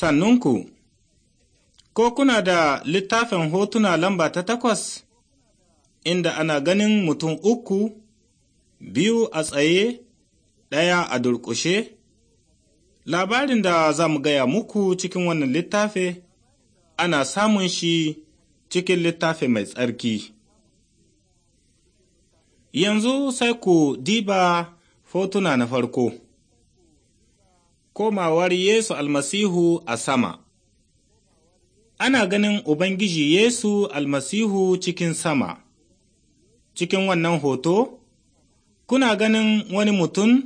Sannunku, ko kuna da littafin hotuna lamba ta takwas, inda ana ganin mutum uku, biyu a tsaye, ɗaya a durƙushe? Labarin da za mu gaya muku cikin wannan littafi, ana samun shi cikin littafi mai tsarki. Yanzu sai ku diba hotuna na farko. komawar Yesu almasihu a sama. Ana ganin Ubangiji Yesu almasihu cikin sama. Cikin wannan hoto, kuna ganin wani mutum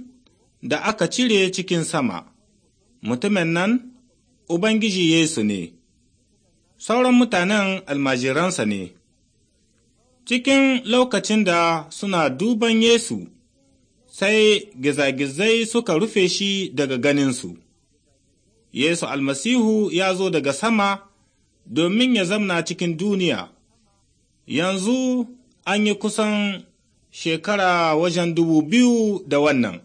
da aka cire cikin sama, mutumin nan Ubangiji Yesu ne, sauran mutanen almajiransa ne. Cikin lokacin da suna duban Yesu, sai gizagizai suka rufe shi daga ganinsu. Yesu almasihu ya zo daga sama domin ya zamna cikin duniya, yanzu an yi kusan shekara wajen dubu biyu da wannan.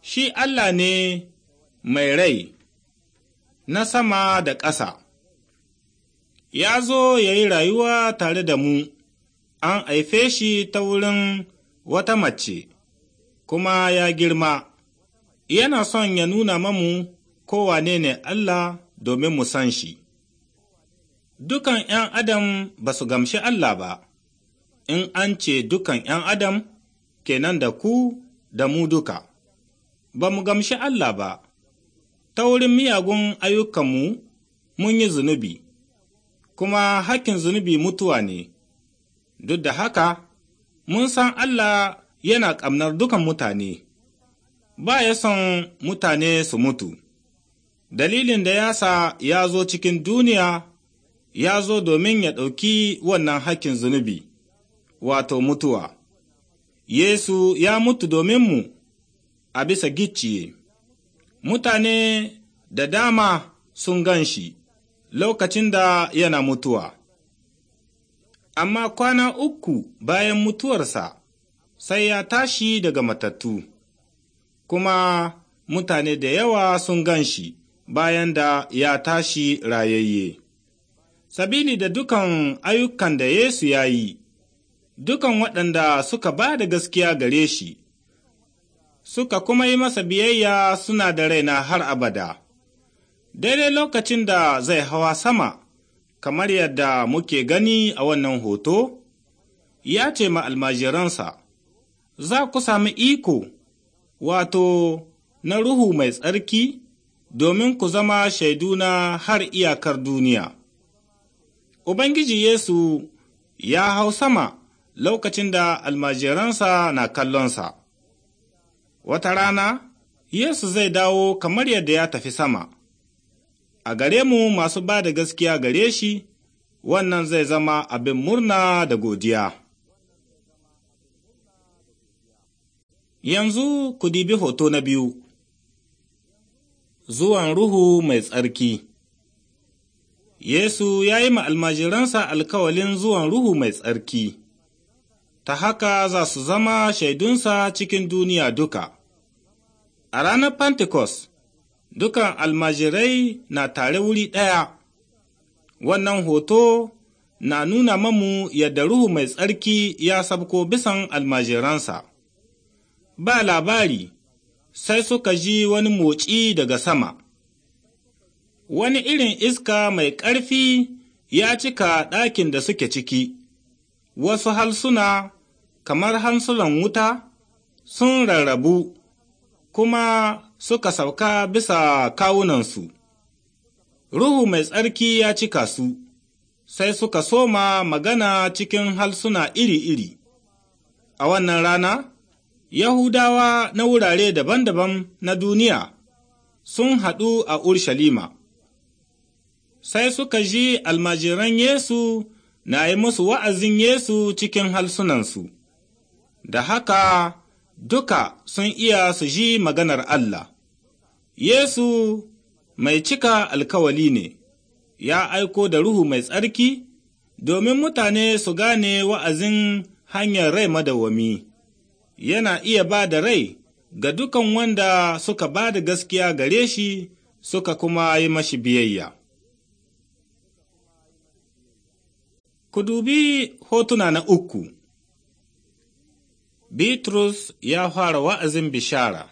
Shi Allah ne mai rai na sama da ƙasa, ya zo ya yi rayuwa tare da mu, an haife shi ta wurin wata mace. kuma ya girma, yana son ya nuna mamu kowane ne Allah domin mu san shi. Dukan ’yan Adam ba su gamshi Allah ba, in an ce dukan ’yan Adam kenan da ku da mu duka, ba mu gamshi Allah ba, ta wurin miyagun ayyukanmu mun yi zunubi, kuma hakkin zunubi mutuwa ne, duk da haka mun san Allah yana ƙamnar dukan mutane, ba ya son mutane su mutu, dalilin da yasa ya zo cikin duniya ya zo domin ya ɗauki wannan hakkin zunubi, wato mutuwa. Yesu ya mutu domin mu a bisa gicciye, mutane da dama sun gan shi lokacin da yana mutuwa. Amma kwana uku bayan mutuwarsa, sai ya tashi daga matattu, kuma mutane da yawa sun gan shi bayan da ya tashi rayayye. Sabili da dukan ayyukan da Yesu ya yi, dukan waɗanda suka ba da gaskiya gare shi, suka kuma yi masa biyayya suna da raina har abada. Daidai lokacin da zai hawa sama, kamar yadda muke gani a wannan hoto, ya ce ma almajiransa, za ku sami iko, wato, na Ruhu mai tsarki, domin ku zama shaiduna har iyakar duniya. Ubangiji Yesu ya hau sama lokacin da almajiransa na kallonsa. Wata rana, Yesu zai dawo kamar yadda ya tafi sama. A gare mu masu ba da gaskiya gare shi, wannan zai zama abin murna da godiya. Yanzu ku dibi hoto na biyu, zuwan Ruhu mai tsarki. Yesu ya yi ma almajiransa alkawalin zuwan Ruhu mai tsarki, ta haka za su zama shaidunsa cikin duniya duka. A ranar Pentecost, dukan almajirai na tare wuri ɗaya, wannan hoto na nuna mamu yadda Ruhu mai tsarki ya sabko bisan almajiransa. ba labari, sai suka ji wani motsi daga sama. Wani irin iska mai ƙarfi ya cika ɗakin da suke ciki, wasu halsuna kamar hansunan wuta sun rarrabu kuma suka sauka bisa kawunansu. Ruhu mai tsarki ya cika su, sai suka soma magana cikin halsuna iri-iri. A wannan rana, Yahudawa na wurare daban-daban na duniya sun haɗu a Urshalima, sai suka ji almajiran Yesu na yi musu wa'azin Yesu cikin halsunansu, da haka duka sun iya su ji maganar Allah. Yesu mai cika alkawali ne, ya aiko da Ruhu mai tsarki domin mutane su gane wa'azin hanyar rai madawwami. yana iya ba da rai ga dukan wanda suka ba da gaskiya gare shi suka kuma yi mashi biyayya. Ku dubi hotuna na uku. Bitrus ya fara wa'azin bishara.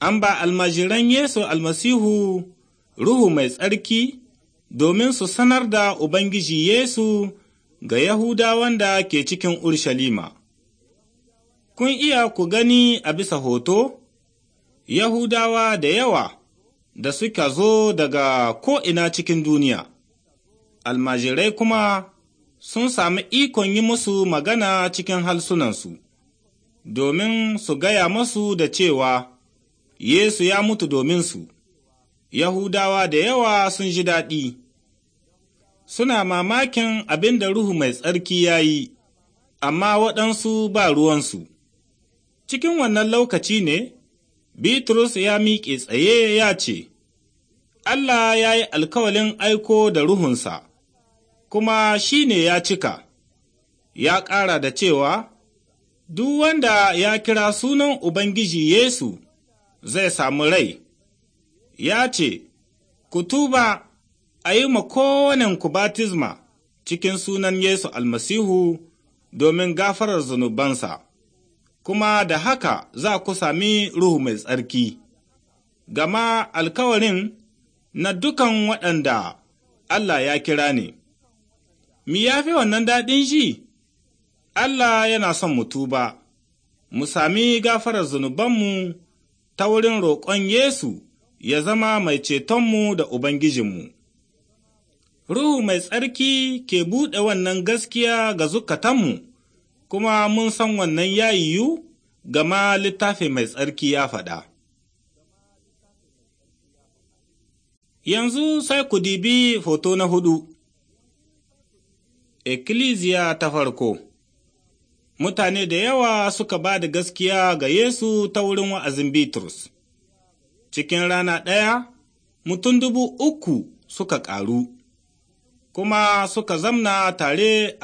An ba almajiran Yesu almasihu Ruhu mai tsarki domin su sanar da Ubangiji Yesu ga Yahudawan da ke cikin Urshalima. Kun iya ku gani a bisa hoto, Yahudawa da yawa da suka zo daga ko'ina cikin duniya, almajirai kuma sun sami ikon yi musu magana cikin halsunansu, domin su gaya musu da cewa Yesu ya mutu domin su. Yahudawa da yawa sun ji daɗi, suna mamakin abin da Ruhu Mai Tsarki ya yi, amma waɗansu ba ruwansu. Cikin wannan lokaci ne, Bitrus ya miƙe tsaye ya ce, Allah ya yi alkawalin aiko da Ruhunsa, kuma shi ne ya cika, ya ƙara da cewa, Duk wanda ya kira sunan Ubangiji Yesu zai samu rai, ya ce, Ku tuba a yi ma kowanenku batizma cikin sunan Yesu almasihu domin gafarar zunubansa. kuma da haka za ku sami Ruhu mai tsarki. Gama alkawarin na dukan waɗanda Allah ya kira ne. Mi ya fi wannan daɗin shi? Allah yana son mu tuba, mu sami gafarar zunubanmu ta wurin roƙon Yesu ya zama mai cetonmu da Ubangijinmu. Ruhu mai tsarki ke buɗe wannan gaskiya ga zukatanmu. kuma mun san wannan ya yiwu gama littafi mai tsarki ya faɗa. Yanzu sai ku dibi foto na hudu, Ekklesia ta farko. Mutane da yawa suka ba da gaskiya ga Yesu ta wurin wa'azin Bitrus. Cikin rana ɗaya, mutum dubu uku suka ƙaru, kuma suka zamna tare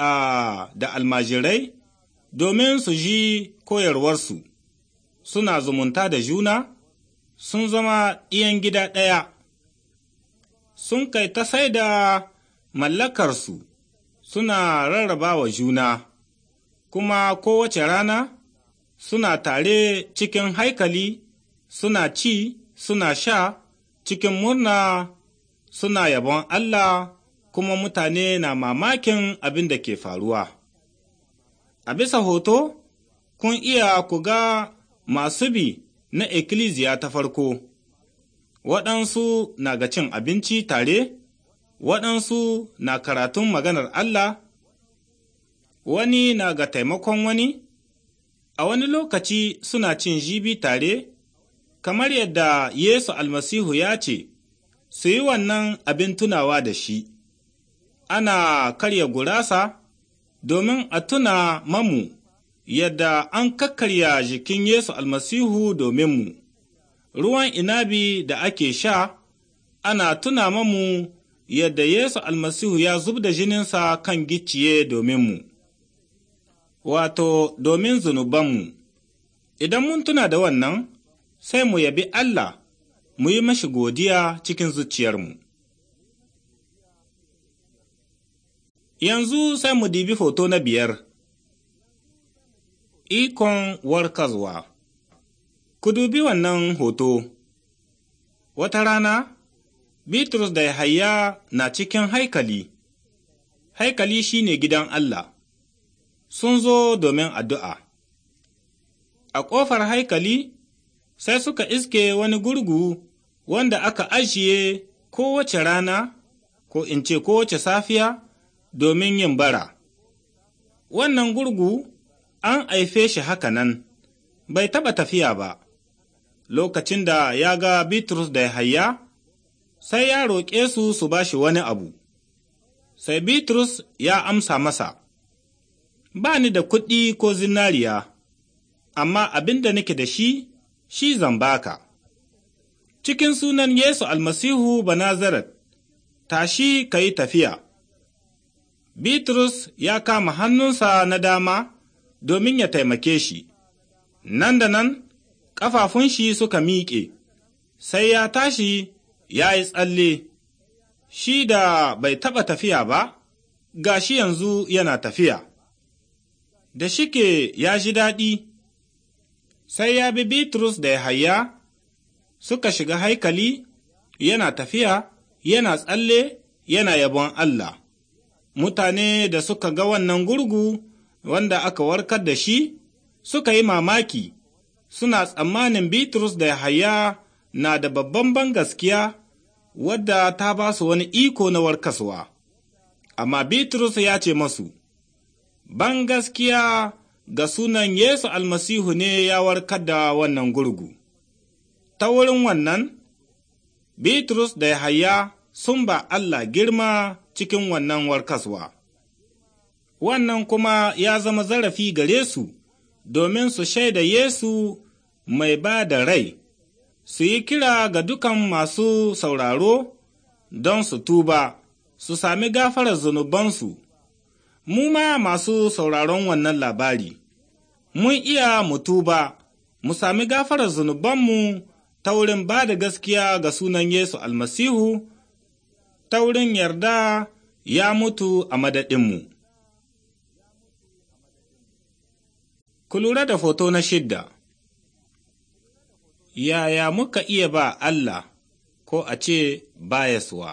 da almajirai domin su ji koyarwarsu, suna zumunta da juna, sun zama ɗiyan gida ɗaya, sun kai ta sai da mallakarsu suna rarraba wa juna, kuma kowace rana suna tare cikin haikali, suna ci, suna sha, cikin murna suna yabon Allah kuma mutane na mamakin abin da ke faruwa. A bisa hoto, kun iya ku ga masu bi na ikkilisiya ta farko, waɗansu na ga cin abinci tare, waɗansu na karatun maganar Allah, wani na ga taimakon wani, a wani lokaci suna cin jibi tare, kamar yadda Yesu almasihu ya ce, su yi wannan abin tunawa da shi, ana karya gurasa, domin a tuna mamu yadda an kakkarya jikin Yesu almasihu domin mu. Ruwan inabi da ake sha, ana tuna mamu yadda Yesu almasihu ya zub da jininsa kan gicciye domin mu. Wato, domin zunubanmu. Idan mun tuna da wannan, sai mu yabi Allah, mu yi mashi godiya cikin zuciyarmu. Yanzu sai mu dibi hoto na biyar. Ikon warkarwa Ku dubi wannan hoto. Wata rana, Bitrus da Yahaya na cikin haikali. Haikali shi ne gidan Allah. Sun zo domin addu'a. A ƙofar haikali, sai suka iske wani gurgu wanda aka ajiye kowace rana, ko in ce kowace safiya, domin yin bara. Wannan gurgu an haife shi haka nan, bai taɓa tafiya ba, lokacin da ya ga Bitrus da haya, sai ya roƙe su su ba shi wani abu. Sai Bitrus ya amsa masa, Ba ni da kuɗi ko zinariya, amma abin da nake da shi, shi zan baka. Cikin sunan Yesu almasihu Banazaret, tashi ka yi tafiya. Bitrus ya kama hannunsa na dama domin ya taimake shi, nan da nan ƙafafun shi suka miƙe, sai ya tashi ya yi tsalle, shi da bai taɓa tafiya ba, ga shi yanzu yana tafiya. Da shike ya ji daɗi, sai ya bi Bitrus da ya haya suka shiga haikali yana tafiya, yana tsalle, yana yabon Allah. Mutane da suka ga wannan gurgu wanda aka warkar da shi suka yi mamaki, suna tsammanin Bitrus da Yahaya na da babban ban gaskiya wadda ta ba su wani iko na warkaswa. Amma Bitrus ya ce masu, Ban gaskiya ga sunan Yesu almasihu ne ya warkar da wannan gurgu. Ta wurin wannan, Bitrus da Yahaya sun ba Allah girma cikin wannan warkaswa. Wannan kuma ya zama zarafi gare su domin su shaida Yesu mai ba da rai, su yi kira ga dukan masu sauraro don su tuba, su sami gafarar zunubansu. Mu ma masu sauraron wannan labari, mun iya mu tuba, mu sami gafarar zunubanmu ta wurin ba da gaskiya ga sunan Yesu almasihu. ta wurin yarda ya mutu a madadinmu. Ku lura da foto na shidda, yaya muka iya ba Allah ko a ce bayaswa.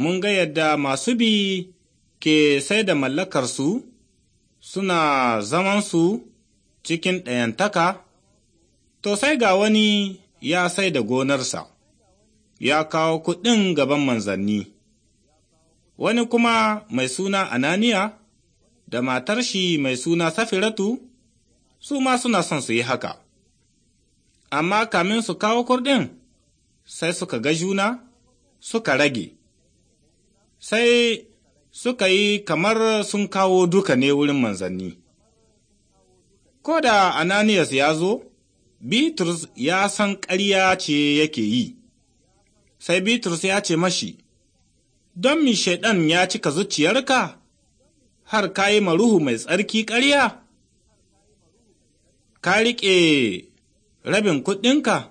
Mun ga yadda masu bi ke sai da mallakarsu suna zamansu cikin ɗayantaka, to sai ga wani ya sai da gonarsa. ya kawo kuɗin gaban manzanni, wani kuma mai suna Ananiya da matar shi mai suna Safiratu su ma suna son su yi haka. Amma kamin su kawo kuɗin sai suka ga juna suka rage, sai suka yi kamar sun kawo duka ne wurin manzanni. Ko da Ananiyas ya zo, Bitrus ya san ƙarya ce yake yi. sai Bitrus ya ce mashi, Don mi shaiɗan ya cika zuciyarka, har ka yi maruhu mai tsarki ƙarya? Ka riƙe rabin kuɗinka?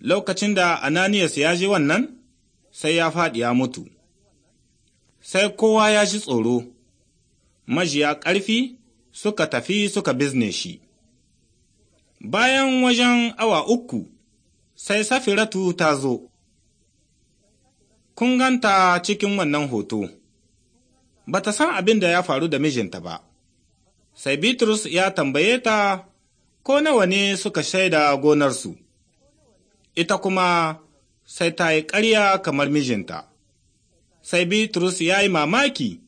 Lokacin da Ananias ya ji wannan, sai ya faɗi ya mutu. Sai kowa ya ji tsoro, majiya ƙarfi suka tafi suka bizne shi. Bayan wajen awa uku, sai Safiratu ta zo. kun ganta cikin wannan hoto, ba ta san abin da ya faru da mijinta ba, sai Bitrus ya tambaye ta ko nawa ne suka shaida gonarsu, ita kuma sai ta yi ƙarya kamar mijinta. Sai Bitrus ya yi mamaki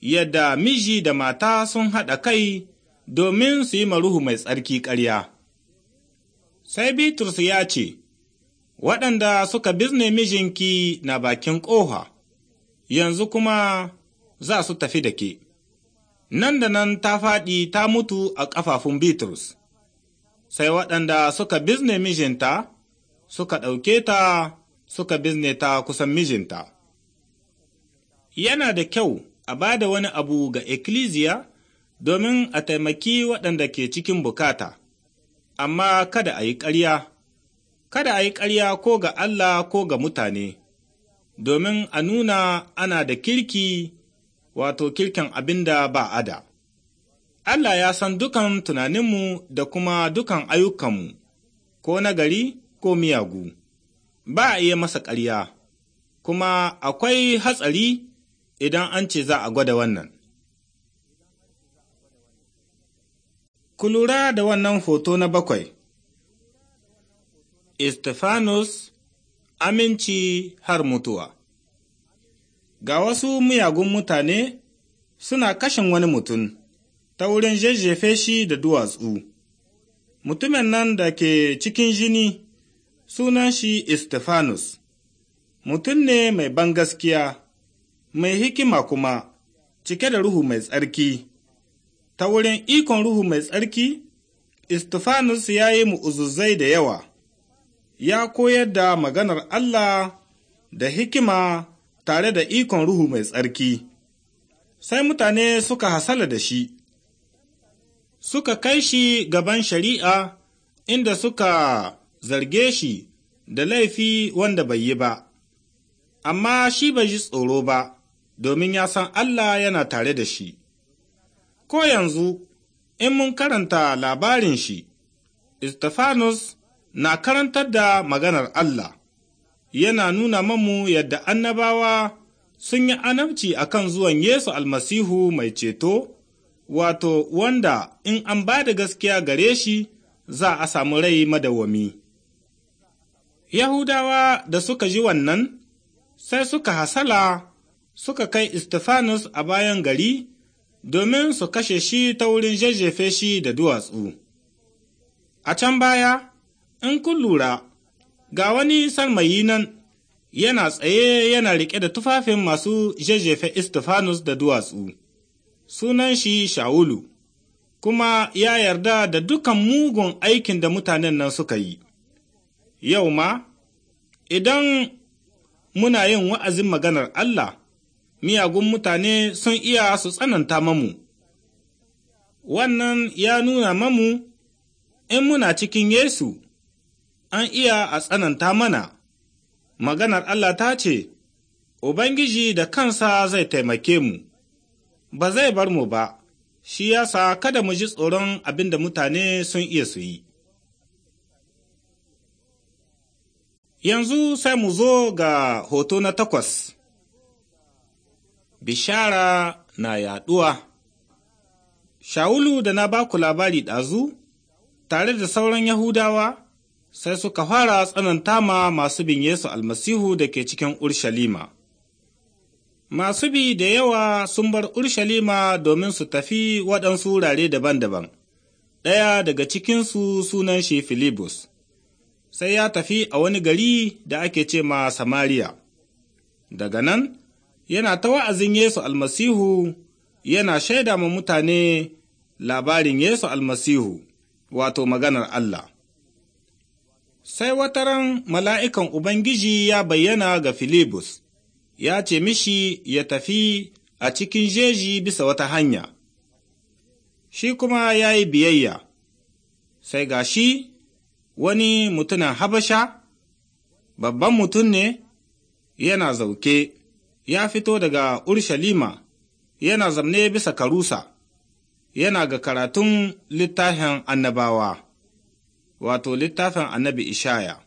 yadda miji da mata sun haɗa kai domin su yi maruhu mai tsarki ƙarya. Sai Bitrus ya ce, waɗanda suka bizne mijinki na bakin ƙoha, yanzu kuma za su tafi da ke. Nan da nan ta faɗi ta mutu a ƙafafun Bitrus, sai waɗanda suka bizne mijinta suka ɗauke ta suka bizne ta kusan mijinta. Yana da kyau a ba da wani abu ga ikkilisiya domin a taimaki waɗanda ke cikin bukata, amma kada a yi ƙarya. kada a yi ƙarya ko ga Allah ko ga mutane, domin a nuna ana da kirki wato kirkin abin da ba ada. Allah ya san dukan tunaninmu da kuma dukan ayyukanmu, ko nagari ko miyagu, ba a iya masa ƙarya, kuma akwai hatsari idan an ce za a gwada wannan. Ku lura da wannan hoto na bakwai. Estefanus aminci har mutuwa. Ga wasu miyagun mutane suna kashin wani mutum ta wurin jajjefe shi da duwatsu. Mutumin nan da ke cikin jini sunan shi Estefanus, mutum ne mai bangaskiya, mai hikima kuma, cike da Ruhu mai tsarki. Ta wurin ikon Ruhu mai tsarki, Estefanus ya yi mu'uzuzai da yawa. ya koyar da maganar Allah da hikima tare da ikon Ruhu mai tsarki, sai mutane suka hasala da shi, suka kai shi gaban shari'a inda suka zarge shi da laifi wanda bai yi ba, amma shi bai ji tsoro ba, domin ya san Allah yana tare da shi. Ko yanzu, in mun karanta labarin shi, Istifanus na karantar da maganar Allah, yana nuna mamu yadda annabawa sun yi anabci a kan zuwan Yesu almasihu mai ceto, wato wanda in an ba da gaskiya gare shi za a samu rai madawami. Yahudawa da suka ji wannan, sai suka hasala suka kai Istifanus a bayan gari domin su kashe shi ta wurin jajjefe shi da duwatsu. A can baya, in kun lura, ga wani salmayi nan yana tsaye yana riƙe da tufafin masu jejefe Istifanus da duwatsu, sunan shi Shawulu, kuma ya yarda da dukan mugun aikin da mutanen nan suka yi. Yau ma, idan muna yin wa'azin maganar Allah, miyagun mutane sun iya su tsananta mamu. Wannan ya nuna mamu in muna cikin Yesu. an iya a tsananta mana. Maganar Allah ta ce, Ubangiji da kansa zai taimake mu, ba zai bar mu ba, shi yasa kada mu ji tsoron abin da mutane sun iya su yi. Yanzu sai mu zo ga hoto na takwas. Bishara na yaɗuwa. Shawulu da na baku labari ɗazu, tare da sauran Yahudawa, sai suka fara tsananta ma masu bin Yesu almasihu da ke cikin Urshalima. Masu bi da yawa sun bar Urshalima domin su tafi waɗansu wurare daban-daban, ɗaya daga cikinsu sunan shi Filibus, sai ya tafi a wani gari da ake ce ma Samariya. Daga nan, yana ta wa'azin Yesu almasihu yana shaida ma mutane labarin Yesu almasihu, wato maganar Allah. Sai wata ran mala'ikan Ubangiji ya bayyana ga Filibus, ya ce mishi ya tafi a cikin jeji bisa wata hanya. Shi kuma ya yi biyayya, sai ga shi wani mutumin Habasha, babban mutum ne, yana zauke, ya fito daga Urshalima, yana zamne bisa karusa, yana ga karatun littafin annabawa. wato littafin annabi Ishaya.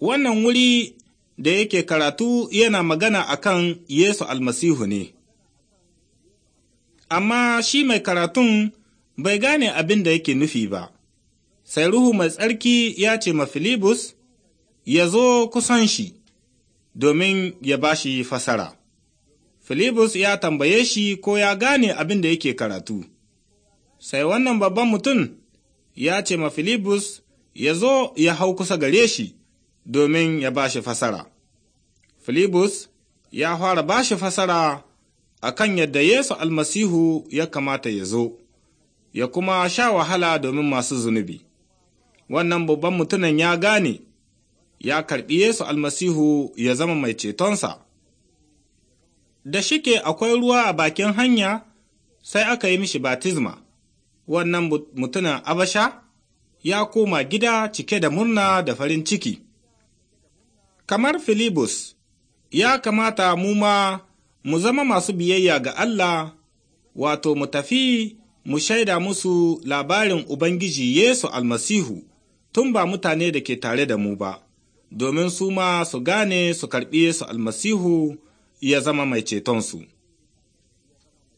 Wannan wuri da yake karatu yana magana a kan Yesu almasihu ne, amma shi mai karatun bai gane abin da yake nufi ba, sai Ruhu mai tsarki ya ce ma Filibus ya zo kusan shi domin ya ba shi fasara. Filibus ya tambaye shi ko ya gane abin da yake karatu, sai wannan babban mutum ya ce ma Filibus ya zo ya hau kusa gare shi domin ya ba shi fasara. Filibus ya fara ba shi fasara a kan yadda Yesu almasihu ya kamata ya zo, ya kuma sha wahala domin masu zunubi. Wannan babban mutumin ya gane, ya karɓi Yesu almasihu ya zama mai cetonsa. Da shike akwai ruwa a bakin hanya, sai aka yi mishi batizma. wannan mutumin Abasha ya koma gida cike da murna da farin ciki. Kamar Filibus, ya kamata mu ma mu zama masu biyayya ga Allah, wato mu tafi mu shaida musu labarin Ubangiji Yesu almasihu tun ba mutane da ke tare da mu ba, domin su ma su gane su karɓi Yesu almasihu ya zama mai cetonsu.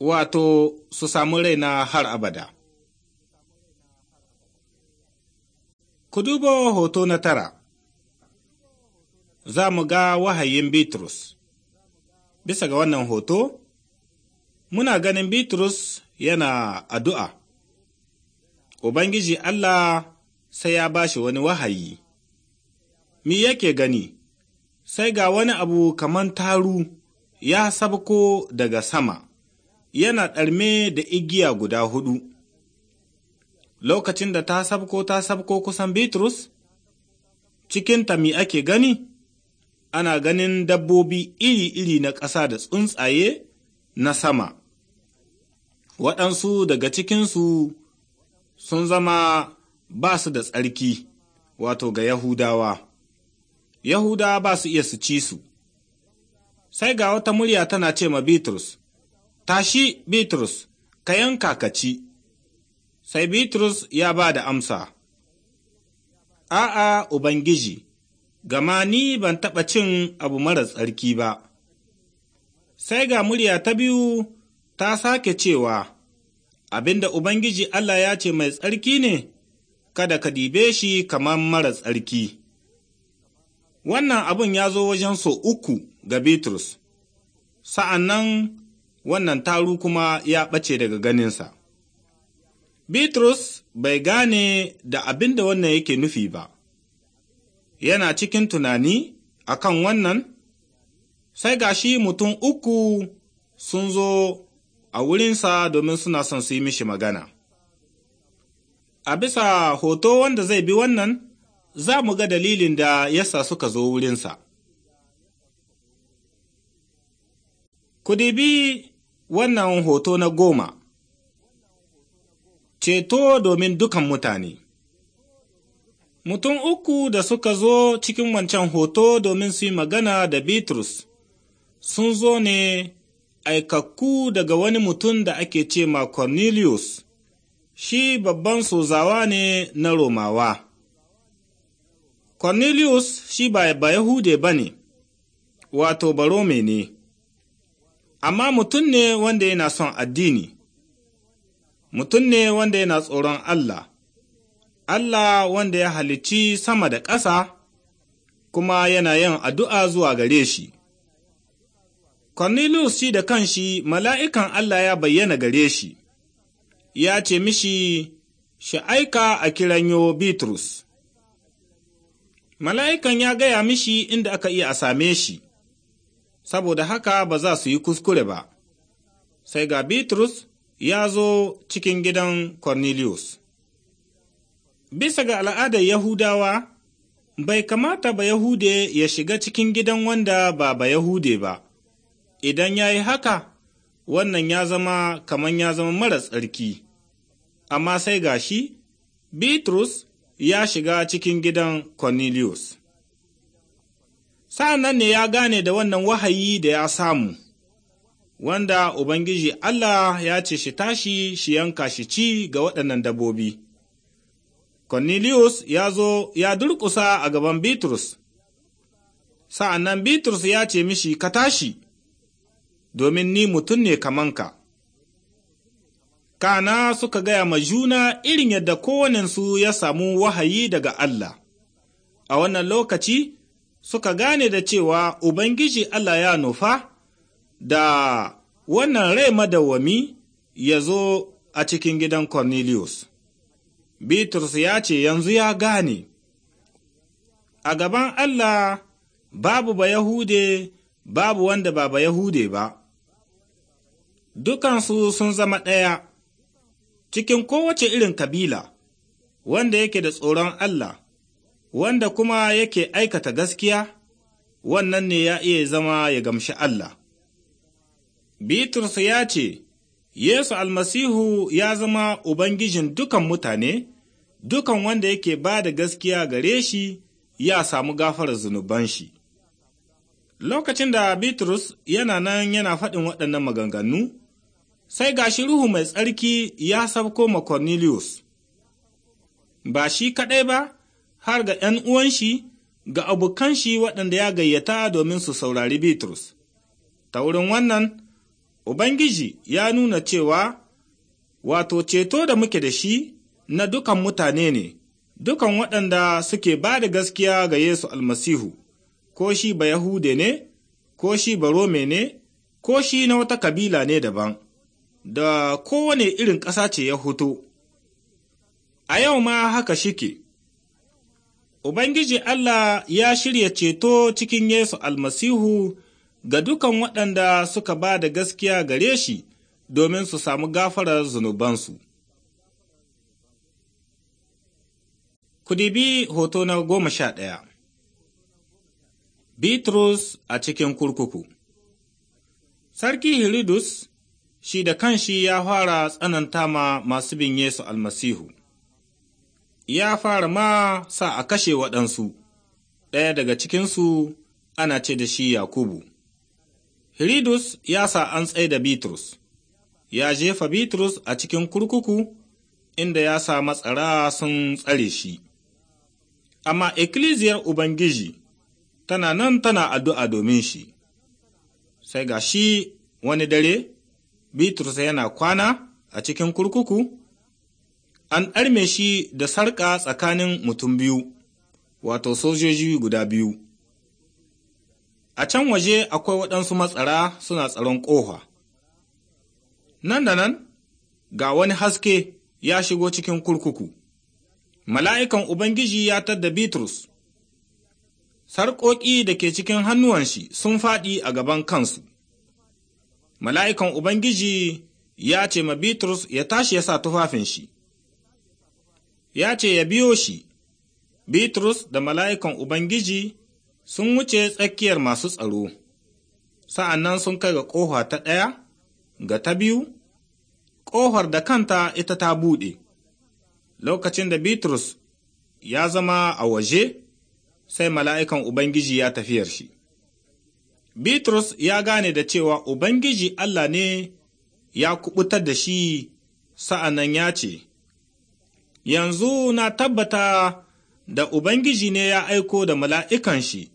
Wato, su samu raina har abada. Ku duba hoto na tara, za mu ga wahayin Bitrus. Bisa ga wannan hoto, muna ganin Bitrus yana addu'a. Ubangiji Allah sai ya ba shi wani wahayi. Mi yake gani, sai ga wani abu kaman taru ya sabko daga sama, yana ɗarme da igiya guda huɗu. lokacin da ta sabko ta sabko kusan Bitrus, cikinta mi ake gani? Ana ganin dabbobi iri-iri na ƙasa da tsuntsaye na sama. Waɗansu daga cikinsu sun zama ba su da tsarki, wato ga Yahudawa. Yahudawa ba su iya su ci su. Sai ga wata murya tana ce ma Bitrus, Tashi Bitrus, ka yanka ka ci. Sai Bitrus ya ba da amsa, A'a, Ubangiji, gama ni ban taɓa cin abu mara tsarki ba. Sai ga murya ta biyu ta sake cewa, Abinda Ubangiji Allah ya ce mai tsarki ne, kada ka dibe shi kamar mara tsarki. Wannan abin ya zo wajen so uku ga Bitrus, sa'an nan wannan taru kuma ya ɓace daga ganinsa. Bitrus bai gane da abin da wannan yake nufi ba, yana cikin tunani a kan wannan, sai gashi mutum uku sun zo a wurinsa domin suna son su yi mishi magana. A bisa hoto wanda zai bi wannan, za mu ga dalilin da yasa suka zo wurinsa. Ku dibi wannan hoto na goma. ceto domin dukan mutane. Mutum uku da suka zo cikin wancan hoto domin su yi magana da Bitrus sun zo ne aikakku daga wani mutum da ake ce ma Cornelius, shi babban sozawa ne na Romawa. Cornelius shi ba Yahude ba ne, wato barome ne, amma mutum ne wanda yana son addini. mutum ne wanda yana tsoron Allah, Allah wanda ya halicci sama da ƙasa, kuma yana yin addu'a zuwa gare shi. Cornelius shi da kanshi mala'ikan Allah ya bayyana gare shi, ya ce mishi, shi aika a kiranyo Bitrus. Mala'ikan ya gaya mishi inda aka iya a same shi, saboda haka ba za su yi kuskure ba. Sai ga Bitrus ya zo cikin gidan Cornelius. Bisa ga al'adar Yahudawa, bai kamata ba Yahude ya shiga cikin gidan wanda ba ba Yahude ba, idan ya yi haka, wannan ya zama kamar ya zama mara tsarki. Amma sai ga shi, Bitrus ya shiga cikin gidan Cornelius. Sa'an nan ne ya gane da wannan wahayi da ya samu. wanda Ubangiji Allah ya ce shi tashi shi yanka shi ci ga waɗannan dabbobi. Cornelius ya zo ya durƙusa a gaban Bitrus, sa'an nan Bitrus ya ce mishi ka tashi, domin ni mutum ne kamanka. Kana suka gaya ma juna irin yadda kowanensu ya samu wahayi daga Allah. A wannan lokaci suka gane da cewa Ubangiji Allah ya nufa, da wannan rai madawwami ya zo a cikin gidan Cornelius. Bitrus ya ce yanzu ya gane, a gaban Allah babu ba Yahude babu wanda ba ba Yahude ba, dukansu sun zama ɗaya cikin kowace irin kabila wanda yake da tsoron Allah, wanda kuma yake aikata gaskiya, wannan ne ya iya zama ya gamshi Allah. Bitrus ya ce, Yesu almasihu ya zama Ubangijin dukan mutane, dukan wanda yake ba da gaskiya gare shi ya samu gafarar zunuban shi. Lokacin da Bitrus yana nan yana faɗin waɗannan maganganu, sai gashi Ruhu mai tsarki ya sabko ma Cornelius. Ba shi kaɗai ba, har ga ’yan uwan shi, ga abokan shi waɗanda ya gayyata domin su saurari Bitrus. Ta wurin wannan, Ubangiji ya nuna cewa, wato ceto da muke da shi na dukan mutane ne, dukan waɗanda suke ba da gaskiya ga Yesu almasihu, ko shi ba Yahude ne, ko shi ba Rome ne, ko shi na wata kabila ne daban, da kowane irin ƙasa ce ya hoto. A yau ma haka shike. Ubangiji Allah ya shirya ceto cikin Yesu almasihu ga dukan waɗanda suka ba da gaskiya gare shi domin su samu gafarar zunubansu. Kudibi hoto na goma sha ɗaya Bitrus a cikin kurkuku Sarki Hiridus shi da kanshi ya fara tsananta ma masu bin Yesu almasihu, ya fara ma sa a kashe waɗansu, ɗaya daga cikinsu ana ce da shi Yakubu. Hiridus ya sa an da Bitrus, ya jefa Bitrus a cikin kurkuku inda ya sa matsara sun tsare shi. Amma ikkiliziyar Ubangiji tana nan tana addu'a domin shi, sai ga shi wani dare, Bitrus yana kwana a cikin kurkuku, an ɗarme shi da sarƙa tsakanin mutum biyu, wato sojoji guda biyu. A can waje akwai waɗansu matsara suna tsaron ƙofa. Nan da nan, ga wani haske ya shigo cikin kurkuku. Mala'ikan Ubangiji ya tadda Bitrus, sarƙoƙi da ke cikin hannuwanshi sun faɗi a gaban kansu. Mala'ikan Ubangiji ya ce ma Bitrus ya tashi ya sa tufafin shi, ya ce ya biyo shi, Bitrus da mala'ikan Ubangiji sun wuce tsakiyar masu tsaro, sa'an nan sun kai ga ƙofa ta ɗaya, ga ta biyu, ƙofar da kanta ita ta buɗe. Lokacin da Bitrus ya zama a waje, sai mala'ikan Ubangiji ya tafiyar shi. Bitrus ya gane da cewa Ubangiji Allah ne ya kubutar da shi sa'an nan ya ce, Yanzu na tabbata da Ubangiji ne ya aiko da mala'ikan shi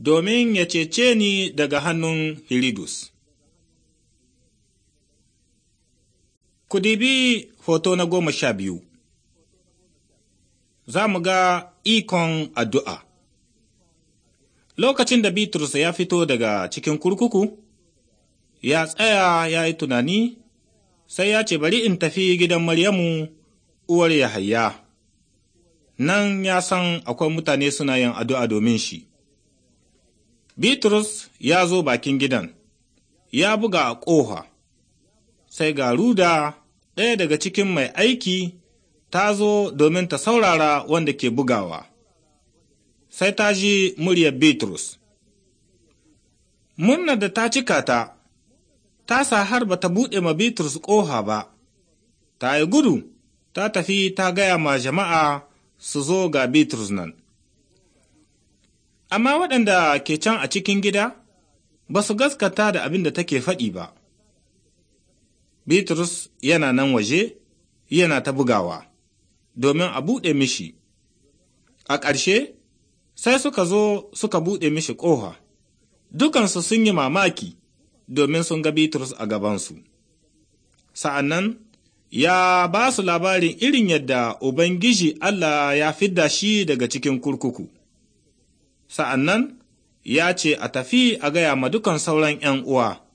domin ya cece ni daga hannun Hiridus. Ku dibi hoto na goma sha biyu, za mu ga ikon addu'a. Lokacin da Bitrus ya fito daga cikin kurkuku, ya tsaya ya yi tunani, sai ya ce bari in tafi gidan Maryamu uwar Yahaya. Nan ya san akwai mutane suna yin addu'a domin shi. Bitrus ya zo bakin gidan, ya buga a ƙoha sai ga Ruda ɗaya daga cikin mai aiki ta zo domin ta saurara wanda ke bugawa. Sai ta ji muryar Bitrus. munna da ta cika ta, ta sa har ba ta buɗe ma Bitrus ƙoha ba, ta yi gudu, ta tafi ta gaya ma jama'a su zo ga Bitrus nan. Amma waɗanda ke can a cikin gida ba su gaskata da abin da take faɗi ba. Bitrus yana nan waje yana ta bugawa, domin a buɗe mishi. A ƙarshe, sai suka zo suka buɗe mishi ƙofa. Dukansu sun yi mamaki domin sun ga Bitrus a gabansu. Sa'an nan, ya ba su labarin irin yadda Ubangiji Allah ya fidda shi daga cikin kurkuku. sa'an nan ya ce a tafi a gaya ma dukan sauran ’yan uwa,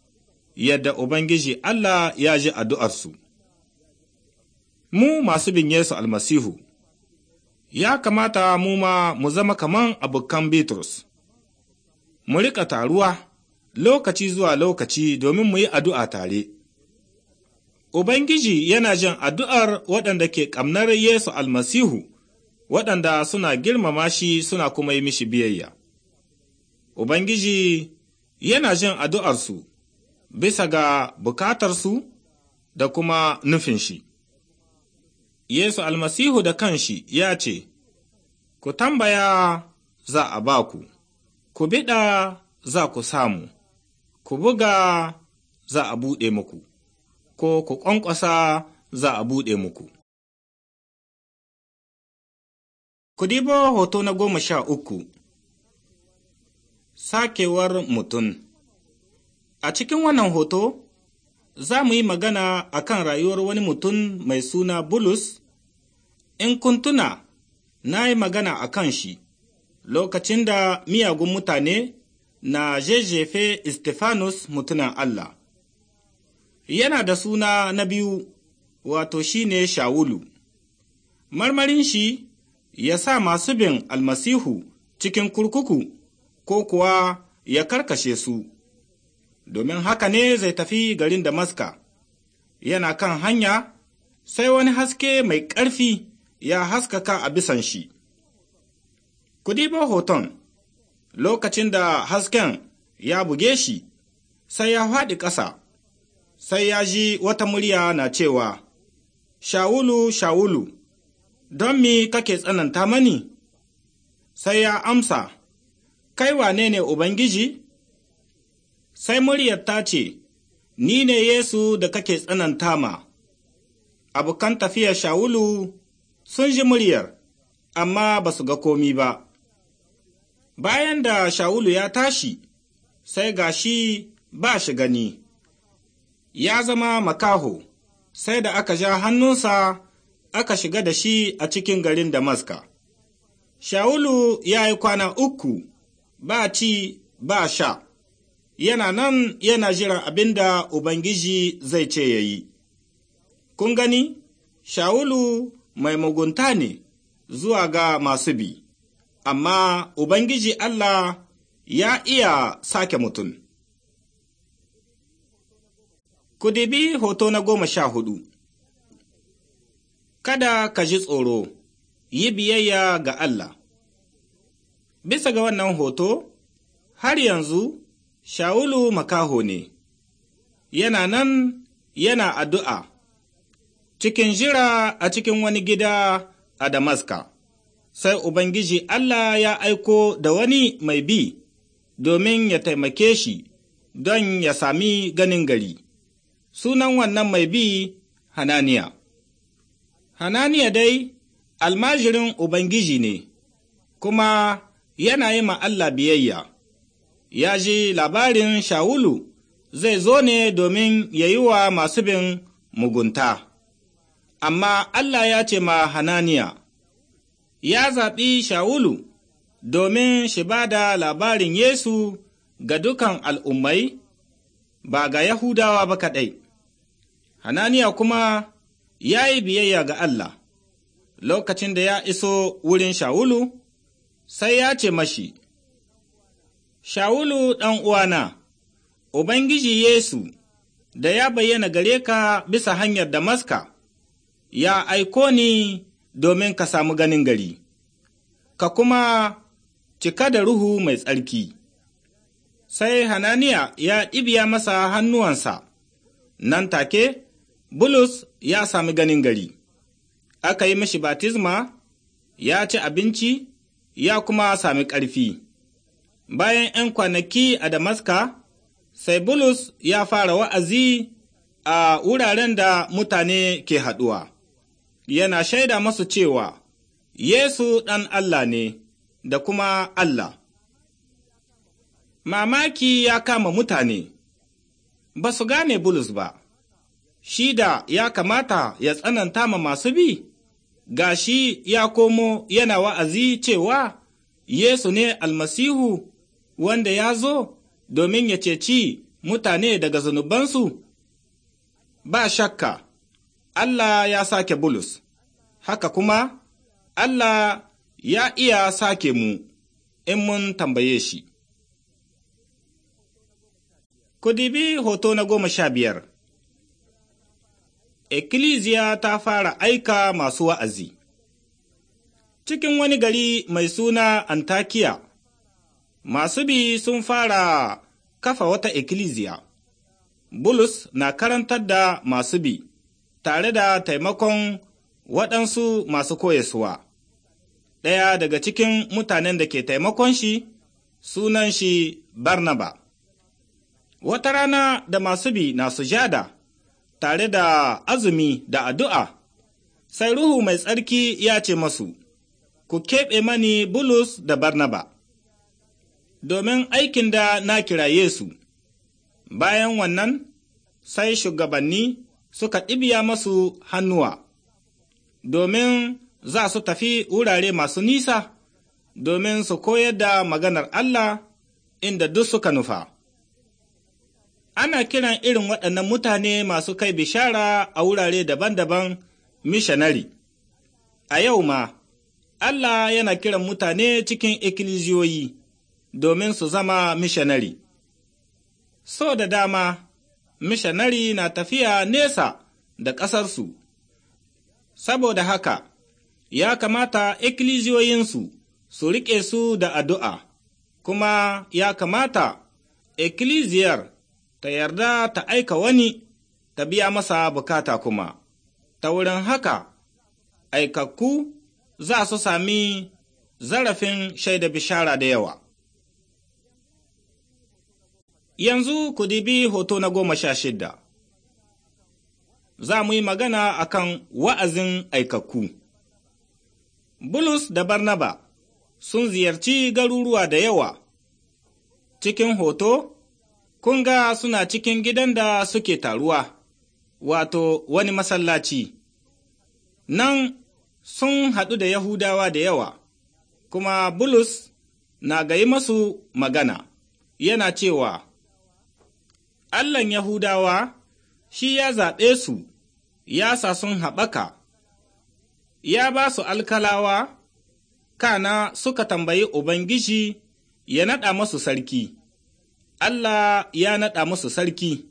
yadda Ubangiji Allah ya ji addu'arsu. Mu masu bin Yesu almasihu, ya kamata mu ma mu zama kaman abokan Bitrus, mu riƙa taruwa lokaci zuwa lokaci domin mu yi addu'a tare. Ubangiji yana jin addu'ar waɗanda ke ƙamnar Yesu almasihu. waɗanda suna girmama shi suna kuma yi mishi biyayya. Ubangiji yana jin addu'arsu bisa ga bukatarsu da kuma nufin shi. Yesu almasihu da kanshi ya ce, Ku tambaya za a ba ku, ku biɗa za ku samu, ku buga za a buɗe muku, ko ku ƙwanƙwasa za a buɗe muku. Ku dibo hoto na goma sha uku, sakewar mutum. A cikin wannan hoto, za mu yi magana a kan rayuwar wani mutum mai suna Bulus, in kun tuna, na yi magana a kan shi, lokacin da miyagun mutane na jejefe Stefanus mutunan Allah. Yana da suna na biyu, wato shi ne Shawulu. Marmarin shi ya sa masu bin almasihu cikin kurkuku ko kuwa ya karkashe su, domin haka ne zai tafi garin Damaska. Yana kan hanya, sai wani haske mai ƙarfi ya haskaka a bisan shi. Kudi ba hoton, lokacin da hasken ya buge shi, sai ya faɗi ƙasa, sai ya ji wata murya na cewa, Shawulu, Shawulu, Don mi kake tsananta mani? Sai ya amsa, Kai wane ne Ubangiji? Sai muryar ta ce, Ni ne Yesu da kake tsananta ma. Abokan tafiya Shawulu sun ji muryar, amma ba su ga komi ba. Bayan da Shawulu ya tashi, sai ga shi ba shi gani, ya zama makaho, sai da aka ja hannunsa aka shiga da shi a cikin garin Damaska. Shawulu ya yi kwana uku ba ci ba sha, yana nan yana jiran abin da Ubangiji zai ce ya yi. Kun gani, Shawulu mai mugunta ne zuwa ga masu bi, amma Ubangiji Allah ya iya sake mutum. Ku dibi hoto na goma sha hudu. Kada ka ji tsoro, yi biyayya ga Allah. Bisa ga wannan hoto, har yanzu Shawulu makaho ne, yana nan yana addu'a cikin jira a cikin wani gida a Damaska, sai Ubangiji Allah ya aiko da wani mai bi domin ya taimake shi don ya sami ganin gari. Sunan wannan mai bi Hananiya. Hananiya dai almajirin Ubangiji ne, kuma yana yi Allah biyayya, ya ji labarin Shawulu zai zo ne domin ya yi wa masu bin mugunta. Amma Allah ya ce ma Hananiya, ya zaɓi Shawulu domin shi ba da labarin Yesu ga dukan al'ummai, ba ga Yahudawa ba kaɗai. Hananiya kuma ya yi biyayya ga Allah, lokacin da ya iso wurin Shawulu, sai ya ce mashi, Shawulu ɗan uwana, Ubangiji Yesu da ya bayyana gare ka bisa hanyar Damaska, ya aiko ni domin ka samu ganin gari, ka kuma cika da Ruhu mai tsarki. Sai Hananiya ya ɗibiya masa hannuwansa, nan take, Bulus ya sami ganin gari, aka yi mashi batizma, ya ci abinci, ya kuma sami ƙarfi. Bayan ’yan kwanaki a Damaska, sai Bulus ya fara wa'azi a wuraren da mutane ke haɗuwa. Yana shaida masu cewa, Yesu ɗan Allah ne, da kuma Allah. Mamaki ya kama mutane, ba su gane Bulus ba. shi da ya kamata ya tsananta ma masu bi? Ga shi ya komo yana wa'azi cewa Yesu ne almasihu wanda ya zo domin ya ceci mutane daga zunubansu? Ba shakka, Allah ya sake Bulus, haka kuma Allah ya iya sake mu in mun tambaye shi. Ku dibi hoto na goma sha biyar. Ekkilisiya ta fara aika masu wa'azi. Cikin wani gari mai suna Antakiya, masu bi sun fara kafa wata ikkilisiya. Bulus na karantar da masu bi, tare da taimakon waɗansu masu koyesuwa. Ɗaya daga cikin mutanen da ke taimakon shi, sunan shi Barnaba. Wata rana da masu bi na sujada. tare da azumi da addu'a, sai Ruhu mai tsarki ya ce masu, Ku keɓe mani Bulus da Barnaba, domin aikin da na kiraye su. Bayan wannan, sai shugabanni suka ɗibiya masu hannuwa, domin za su tafi wurare masu nisa, domin su koyar da maganar Allah inda duk suka nufa. Ana kiran irin waɗannan mutane masu kai bishara a wurare daban-daban mishanari. A yau ma, Allah yana kiran mutane cikin ikkilisiyoyi domin su zama mishanari. So da dama, mishanari na tafiya nesa da ƙasarsu, saboda haka, ya kamata ikkilisiyoyinsu su riƙe su da addu'a, kuma ya kamata ikkiliziyar ta yarda ta aika wani ta biya masa bukata kuma, ta wurin haka aikakku za su sami zarafin shaida bishara da yawa. Yanzu ku dibi hoto na goma sha shida. Za mu yi magana a kan wa'azin aikakku. Bulus da Barnaba sun ziyarci garuruwa da yawa. Cikin hoto, kun ga suna cikin gidan da suke taruwa, wato wani masallaci. Nan sun haɗu da Yahudawa da yawa, kuma Bulus na gayi masu magana, yana cewa, Allahn Yahudawa shi ya zaɓe su, ya sa sun haɓaka, ya ba su alkalawa, kana suka tambayi Ubangiji ya naɗa masu sarki. Allah ya naɗa musu sarki,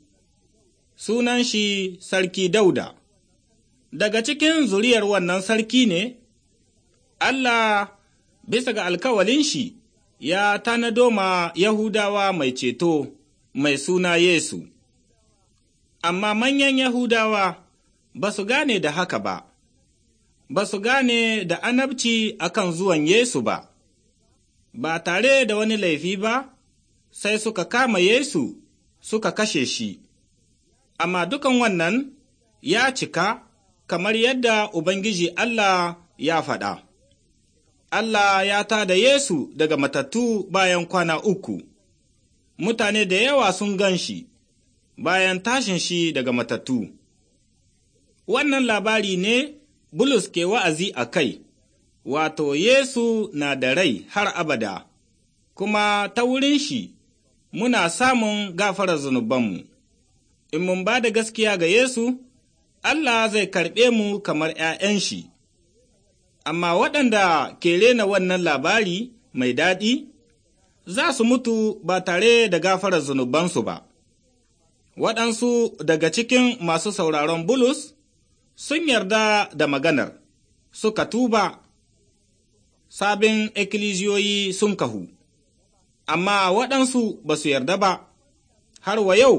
sunan shi sarki Dauda. Daga cikin zuriyar wannan sarki ne, Allah bisa ga alkawalin shi ya tanado ma Yahudawa mai ceto mai suna Yesu. Amma manyan Yahudawa ba su gane da haka ba, ba su gane da anabci akan zuwan Yesu ba, ba tare da wani laifi ba. sai suka kama Yesu suka kashe shi. Amma dukan wannan ya cika kamar yadda Ubangiji Allah ya faɗa. Allah ya ta da Yesu daga matattu bayan kwana uku, mutane da yawa sun gan shi bayan tashin shi daga matattu. Wannan labari ne Bulus ke wa'azi a kai, wato Yesu na da rai har abada, kuma ta wurin shi muna samun gafarar zunubanmu. In mun ba da gaskiya ga Yesu, Allah zai karɓe mu kamar ‘ya'yan shi. Amma waɗanda ke rena wannan labari mai daɗi, za su mutu ba tare da gafarar zunubansu ba. Waɗansu daga cikin masu sauraron Bulus sun yarda da maganar, suka tuba, sabin ikkilisiyoyi sun kahu. amma waɗansu ba su yarda ba, har wa yau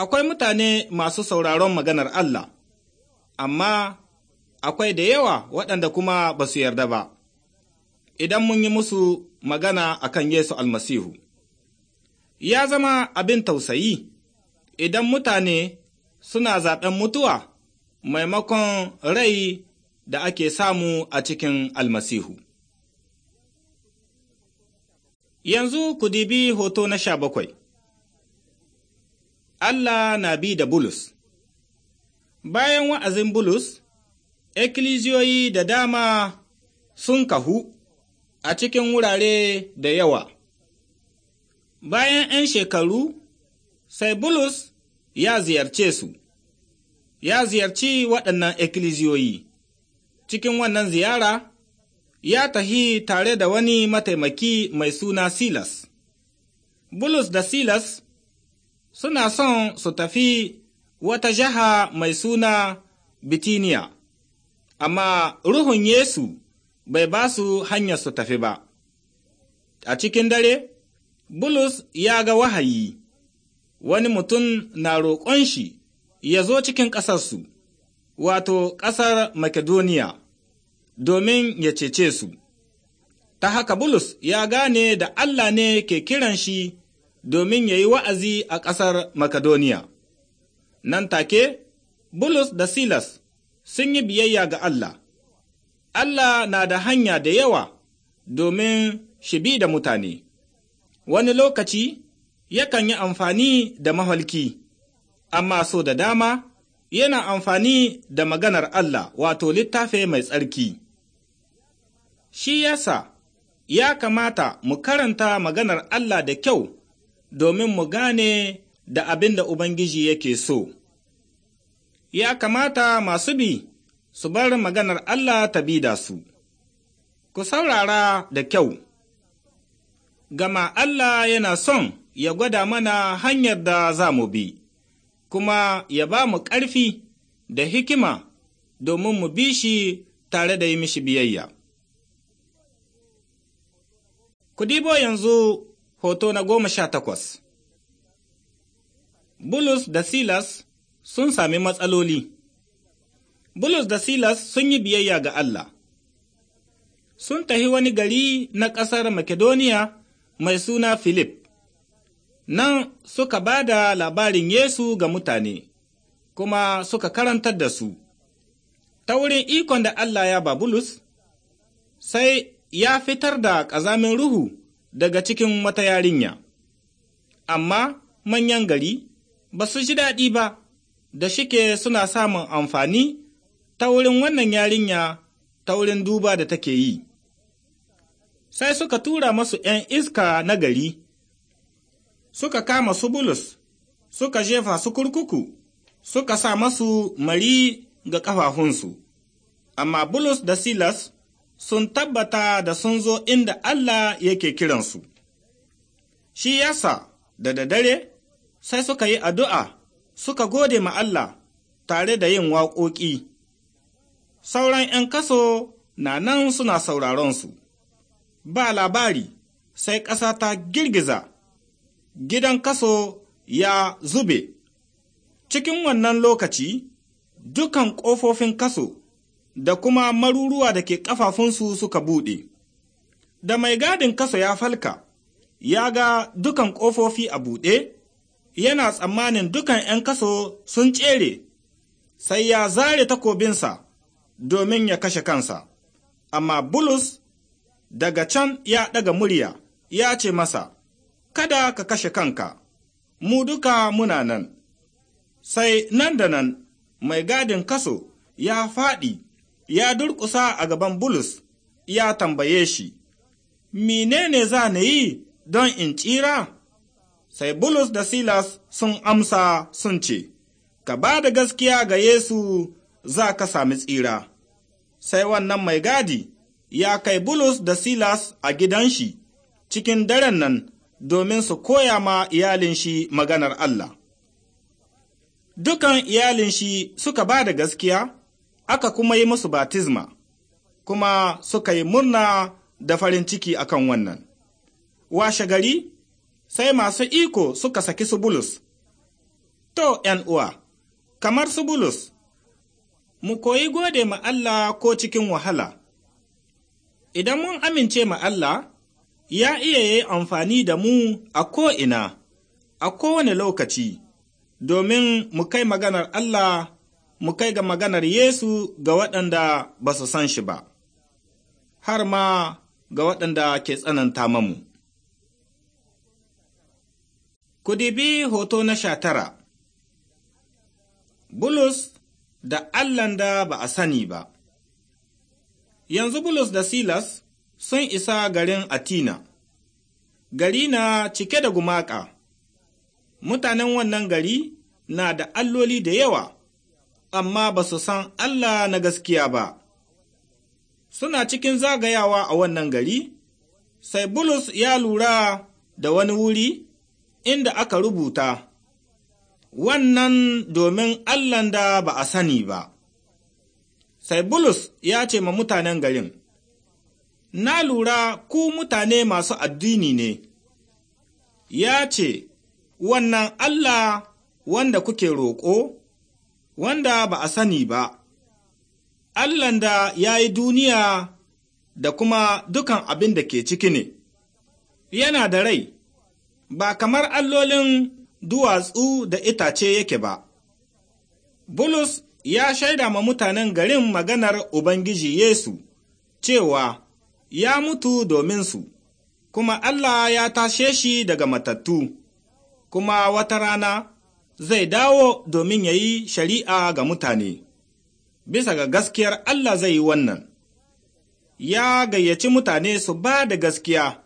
akwai mutane masu sauraron maganar Allah, amma akwai da yawa waɗanda kuma ba su yarda ba, idan mun yi musu magana a kan Yesu almasihu. Ya zama abin tausayi, idan mutane suna zaɓen mutuwa maimakon rai da ake samu a cikin almasihu. Yanzu ku dibi hoto na sha bakwai. Allah na bi da Bulus Bayan wa'azin Bulus, ekkiliziyoyi da dama sun kahu a cikin wurare da yawa. Bayan ‘yan shekaru, sai Bulus ya ziyarce su, ya ziyarci waɗannan ekkiliziyoyi. Cikin wannan ziyara, ya tahi tare da wani mataimaki mai suna Silas. Bulus da Silas suna son su tafi wata jaha mai suna Bitiniya, amma Ruhun Yesu bai ba su hanyar su tafi ba. A cikin dare, Bulus ya ga wahayi, wani mutum na roƙon shi ya zo cikin ƙasarsu, wato ƙasar Makedoniya. domin ya cece su. Ta haka Bulus ya gane da Allah ne ke kiran shi domin ya yi wa'azi a ƙasar Makedoniya. Nan take, Bulus da Silas sun yi biyayya ga Allah. Allah na da hanya da yawa domin shi bi da mutane. Wani lokaci yakan yi amfani da mahalki, amma so da dama yana amfani da maganar Allah wato littafi mai tsarki. shi yasa ya kamata mu karanta maganar Allah da kyau domin mu gane da abin da Ubangiji yake so. Ya kamata masu bi su bar maganar Allah ta bi da su, ku saurara da kyau, gama Allah yana son ya gwada mana hanyar da za mu bi, kuma ya ba mu ƙarfi da hikima domin mu bi shi tare da yi mishi biyayya. Ku dibo yanzu hoto na goma sha takwas. Bulus da Silas sun sami matsaloli. Bulus da Silas sun yi biyayya ga Allah. Sun tahi wani gari na ƙasar Makedoniya mai suna Filip. Nan suka ba da labarin Yesu ga mutane, kuma suka karantar da su. Ta wurin ikon da Allah ya ba Bulus, sai ya fitar da ƙazamin ruhu daga cikin wata yarinya, amma manyan gari ba su ji daɗi ba da shike suna samun amfani ta wurin wannan yarinya ta wurin duba da take yi. Sai suka tura masu ’yan iska na gari, suka kama su bulus, suka jefa su kurkuku, suka sa masu mari ga ƙafafunsu, amma bulus da silas sun tabbata da sun zo inda Allah yake kiransu. Shi yasa da daddare sai suka yi addu'a suka gode ma Allah tare da yin waƙoƙi. Sauran ’yan kaso na nan suna sauraron su. Ba labari sai ƙasa ta girgiza, gidan kaso ya zube. Cikin wannan lokaci, dukan ƙofofin kaso da kuma maruruwa da ke ƙafafunsu suka buɗe. Da mai gadin kasa ya falka, ya ga dukan ƙofofi a buɗe, yana tsammanin dukan ’yan kaso sun tsere, sai ya zare takobinsa domin ya kashe kansa. Amma Bulus daga can ya ɗaga murya, ya ce masa, Kada ka kashe kanka, mu duka muna nan. Sai nan da nan, mai gadin kaso ya faɗi. ya durƙusa a gaban Bulus ya tambaye shi, Menene za na yi don in tsira? Sai Bulus da Silas sun amsa sun ce, Ka ba da gaskiya ga Yesu za ka sami tsira. Sai wannan mai gadi ya kai Bulus da Silas a gidan shi cikin daren nan domin su koya ma iyalin shi maganar Allah. Dukan iyalin shi suka ba da gaskiya? aka kuma yi musu batizma, kuma suka yi murna da farin ciki akan wannan. Washe gari, sai masu iko suka saki su bulus. To, ’yan uwa, kamar su bulus, mu koyi gode ma Allah ko cikin wahala. Idan mun amince ma Allah, ya iya yi amfani da mu a ko'ina, a kowane lokaci, domin mu kai maganar Allah mu kai ga maganar Yesu ga waɗanda ba su san shi ba, har ma ga waɗanda ke tsananta mamu. Kudibi hoto na sha tara Bulus da Allahn da ba a sani ba Yanzu Bulus da Silas sun isa garin Atina, gari na cike da gumaka, mutanen wannan gari na da alloli da yawa. amma ba su san Allah na gaskiya ba. Suna cikin zagayawa a wannan gari, sai Bulus ya lura da wani wuri inda aka rubuta, wannan domin Allahn da ba a sani ba. Sai Bulus ya ce ma mutanen garin, Na lura ku mutane masu addini ne, ya ce, Wannan Allah wanda kuke roƙo, wanda ba a sani ba, Allahn da ya yi duniya da kuma dukan abin da ke ciki ne, yana da rai, ba kamar allolin duwatsu da itace yake ba. Bulus ya shaida ma mutanen garin maganar Ubangiji Yesu cewa ya mutu domin su. kuma Allah ya tashe shi daga matattu, kuma wata rana zai dawo domin ya yi shari'a ga mutane, bisa ga gaskiyar Allah zai yi wannan, ya gayyaci mutane su ba da gaskiya,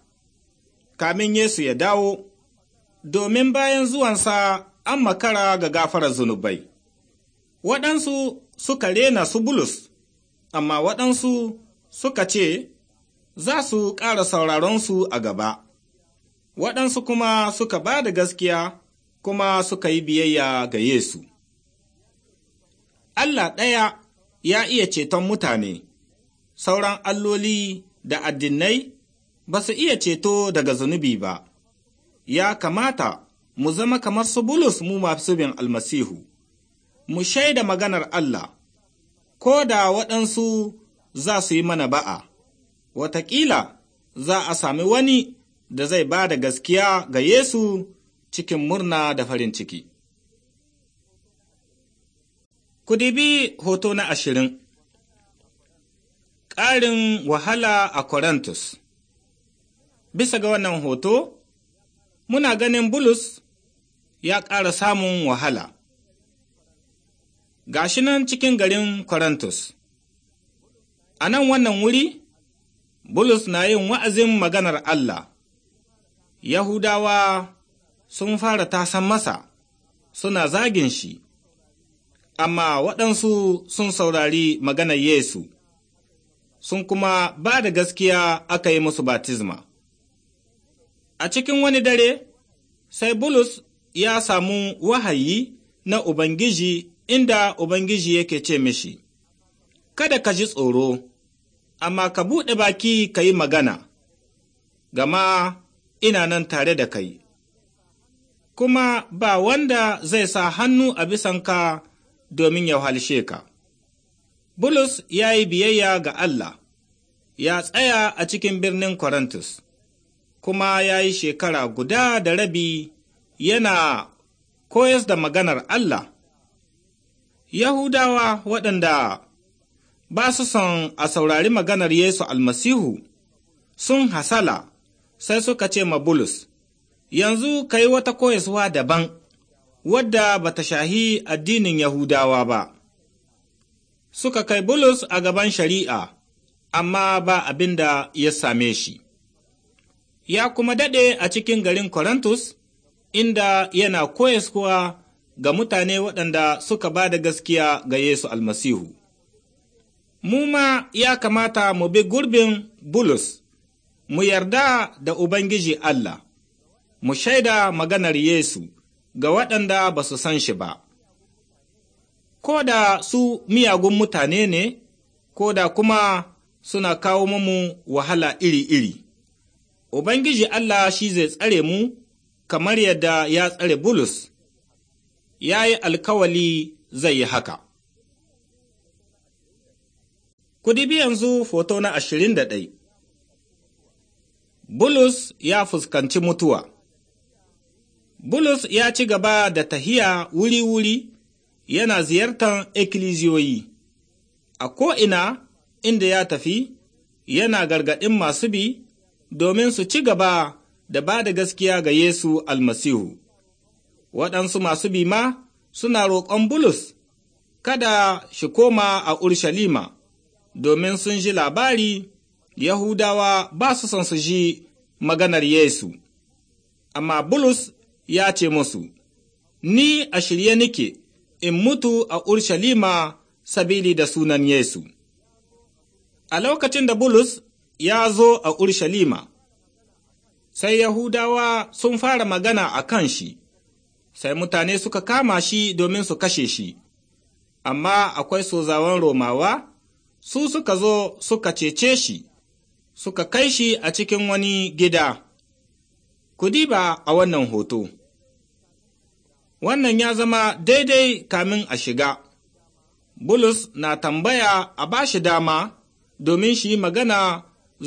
kamin Yesu ya dawo, domin bayan zuwansa an makara ga gafarar zunubai. Waɗansu suka rena su bulus, amma waɗansu suka ce, za su ƙara sauraronsu a gaba, waɗansu kuma suka ba da gaskiya kuma suka yi biyayya ga Yesu. Allah ɗaya ya iya ceton mutane, sauran alloli da addinai ba su iya ceto daga zunubi ba, ya kamata mu zama kamar su bulus mu masu bin almasihu, mu shaida maganar Allah, ko da waɗansu za su yi mana ba'a, wataƙila za a sami wani da zai ba da gaskiya ga Yesu cikin murna da farin ciki. Kudibi hoto na ashirin Ƙarin wahala a Corinthus Bisa ga wannan hoto, muna ganin Bulus ya ƙara samun wahala. Gashi nan cikin garin Corinthus. A nan wannan wuri, Bulus na yin wa'azin maganar Allah, Yahudawa sun fara tasan masa suna zagin shi, amma waɗansu sun saurari maganar Yesu, sun kuma ba da gaskiya aka yi musu batizma. A cikin wani dare, sai Bulus ya samu wahayi na Ubangiji inda Ubangiji yake ce mishi, Kada ka ji tsoro, amma ka buɗe baki ka yi magana, gama ina nan tare da kai. kuma ba wanda zai sa hannu a ka domin ya halshe ka. Bulus ya yi biyayya ga Allah, ya tsaya a cikin birnin Korintus, kuma ya yi shekara guda da rabi yana koyas da maganar Allah. Yahudawa waɗanda ba su son a saurari maganar Yesu almasihu sun hasala sai suka ce ma Bulus, yanzu ka yi wata koyaswa daban wadda ba ta shahi addinin Yahudawa ba. Suka kai Bulus a gaban shari'a, amma ba abin da ya same shi. Ya kuma daɗe a cikin garin Korintus, inda yana koyaswa ga mutane waɗanda suka ba da gaskiya ga Yesu almasihu. Mu ma ya kamata mu bi gurbin Bulus, mu yarda da Ubangiji Allah. mu shaida maganar Yesu ga waɗanda ba su san shi ba. Ko da su miyagun mutane ne, ko da kuma suna kawo mamu wahala iri-iri. Ubangiji Allah shi zai tsare mu kamar yadda ya tsare Bulus, ya yi alkawali zai yi haka. Kudi bi yanzu foto na ashirin da ɗai. Bulus ya fuskanci mutuwa. Bulus ya ci gaba da tahiya wuri-wuri yana ziyartar ikkilisiyoyi, a ko'ina inda ya tafi yana gargaɗin masu bi domin su ci gaba da ba da gaskiya ga Yesu almasihu. Waɗansu masu bi ma suna roƙon Bulus kada shi koma a Urshalima, domin sun ji labari Yahudawa ba su son su ji maganar Yesu. Amma Bulus ya ce musu, Ni a shirye nike in mutu a Urshalima sabili da sunan Yesu. A lokacin da Bulus ya zo a Urshalima, sai Yahudawa sun fara magana a kan shi, sai mutane suka kama shi domin su kashe shi, amma akwai sozawan Romawa, su suka zo suka cece shi, suka kai shi a cikin wani gida. Ku diba a wannan hoto, wannan ya zama daidai kamin a shiga. Bulus na tambaya a ba shi dama domin shi magana